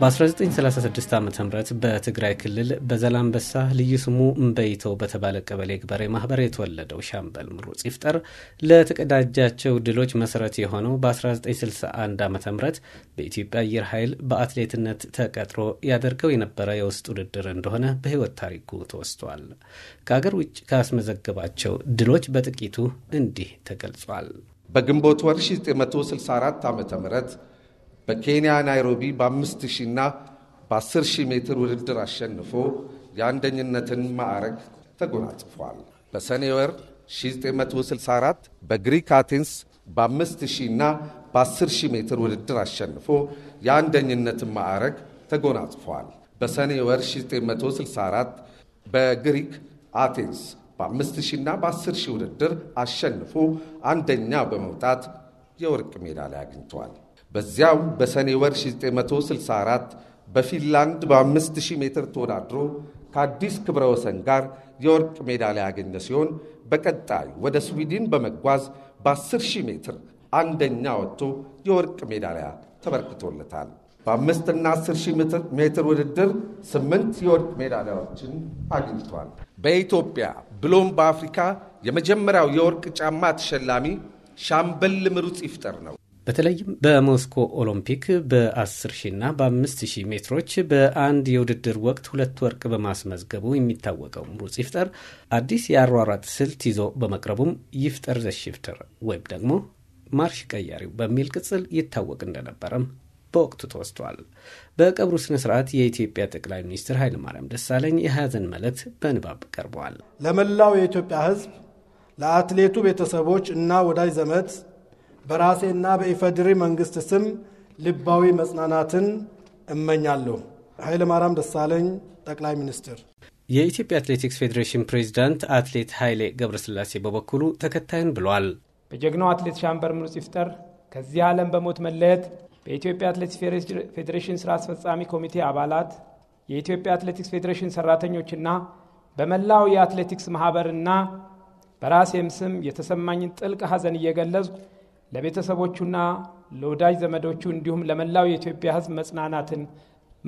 በ1936 ዓ ም በትግራይ ክልል በዘላንበሳ ልዩ ስሙ እምበይተው በተባለ ቀበሌ ግበሬ ማህበር የተወለደው ሻምበል ምሩጽ ይፍጠር ለተቀዳጃቸው ድሎች መሰረት የሆነው በ1961 ዓ ም በኢትዮጵያ አየር ኃይል በአትሌትነት ተቀጥሮ ያደርገው የነበረ የውስጥ ውድድር እንደሆነ በሕይወት ታሪኩ ተወስቷል። ከአገር ውጭ ካስመዘገባቸው ድሎች በጥቂቱ እንዲህ ተገልጿል። በግንቦት ወር 1964 ዓ ም በኬንያ ናይሮቢ በአምስት ሺና በአስር ሺህ ሜትር ውድድር አሸንፎ የአንደኝነትን ማዕረግ ተጎናጽፏል። በሰኔ ወር 1964 በግሪክ አቴንስ በአምስት ሺና በአስር ሺህ ሜትር ውድድር አሸንፎ የአንደኝነትን ማዕረግ ተጎናጽፏል። በሰኔ ወር 1964 በግሪክ አቴንስ በአምስት ሺና በአስር ሺህ ውድድር አሸንፎ አንደኛ በመውጣት የወርቅ ሜዳሊያ አግኝቷል። በዚያው በሰኔ ወር 1964 በፊንላንድ በ5000 ሜትር ተወዳድሮ ከአዲስ ክብረ ወሰን ጋር የወርቅ ሜዳሊያ ያገኘ ሲሆን በቀጣይ ወደ ስዊድን በመጓዝ በ10000 ሜትር አንደኛ ወጥቶ የወርቅ ሜዳሊያ ተበርክቶለታል። በአምስትና አስር ሺህ ሜትር ውድድር ስምንት የወርቅ ሜዳሊያዎችን አግኝቷል። በኢትዮጵያ ብሎም በአፍሪካ የመጀመሪያው የወርቅ ጫማ ተሸላሚ ሻምበል ምሩጽ ይፍጠር ነው። በተለይም በሞስኮ ኦሎምፒክ በ10 ሺና በ5 ሜትሮች በአንድ የውድድር ወቅት ሁለት ወርቅ በማስመዝገቡ የሚታወቀው ምሩጽ ይፍጠር አዲስ የአሯሯጥ ስልት ይዞ በመቅረቡም ይፍጠር ዘሽፍትር ወይም ደግሞ ማርሽ ቀያሪው በሚል ቅጽል ይታወቅ እንደነበረም በወቅቱ ተወስቷል። በቀብሩ ስነ ስርዓት የኢትዮጵያ ጠቅላይ ሚኒስትር ኃይለማርያም ደሳለኝ የሀዘን መልእክት በንባብ ቀርበዋል። ለመላው የኢትዮጵያ ሕዝብ ለአትሌቱ ቤተሰቦች እና ወዳጅ ዘመድ በራሴና በኢፌዴሪ መንግስት ስም ልባዊ መጽናናትን እመኛለሁ። ኃይለማርያም ደሳለኝ ጠቅላይ ሚኒስትር። የኢትዮጵያ አትሌቲክስ ፌዴሬሽን ፕሬዚዳንት አትሌት ኃይሌ ገብረስላሴ በበኩሉ ተከታይን ብሏል። በጀግናው አትሌት ሻምበር ምሩጽ ይፍጠር ከዚህ ዓለም በሞት መለየት በኢትዮጵያ አትሌቲክስ ፌዴሬሽን ስራ አስፈጻሚ ኮሚቴ አባላት፣ የኢትዮጵያ አትሌቲክስ ፌዴሬሽን ሰራተኞችና በመላው የአትሌቲክስ ማህበርና በራሴም ስም የተሰማኝን ጥልቅ ሐዘን እየገለጽኩ ለቤተሰቦቹና ለወዳጅ ዘመዶቹ እንዲሁም ለመላው የኢትዮጵያ ሕዝብ መጽናናትን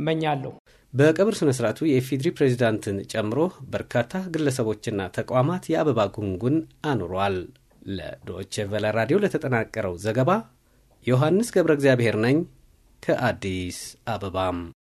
እመኛለሁ። በቀብር ስነ ስርዓቱ የኢፌዴሪ ፕሬዚዳንትን ጨምሮ በርካታ ግለሰቦችና ተቋማት የአበባ ጉንጉን አኑሯል። ለዶይቼ ራዲዮ ለተጠናቀረው ዘገባ ዮሐንስ ገብረ እግዚአብሔር ነኝ ከአዲስ አበባም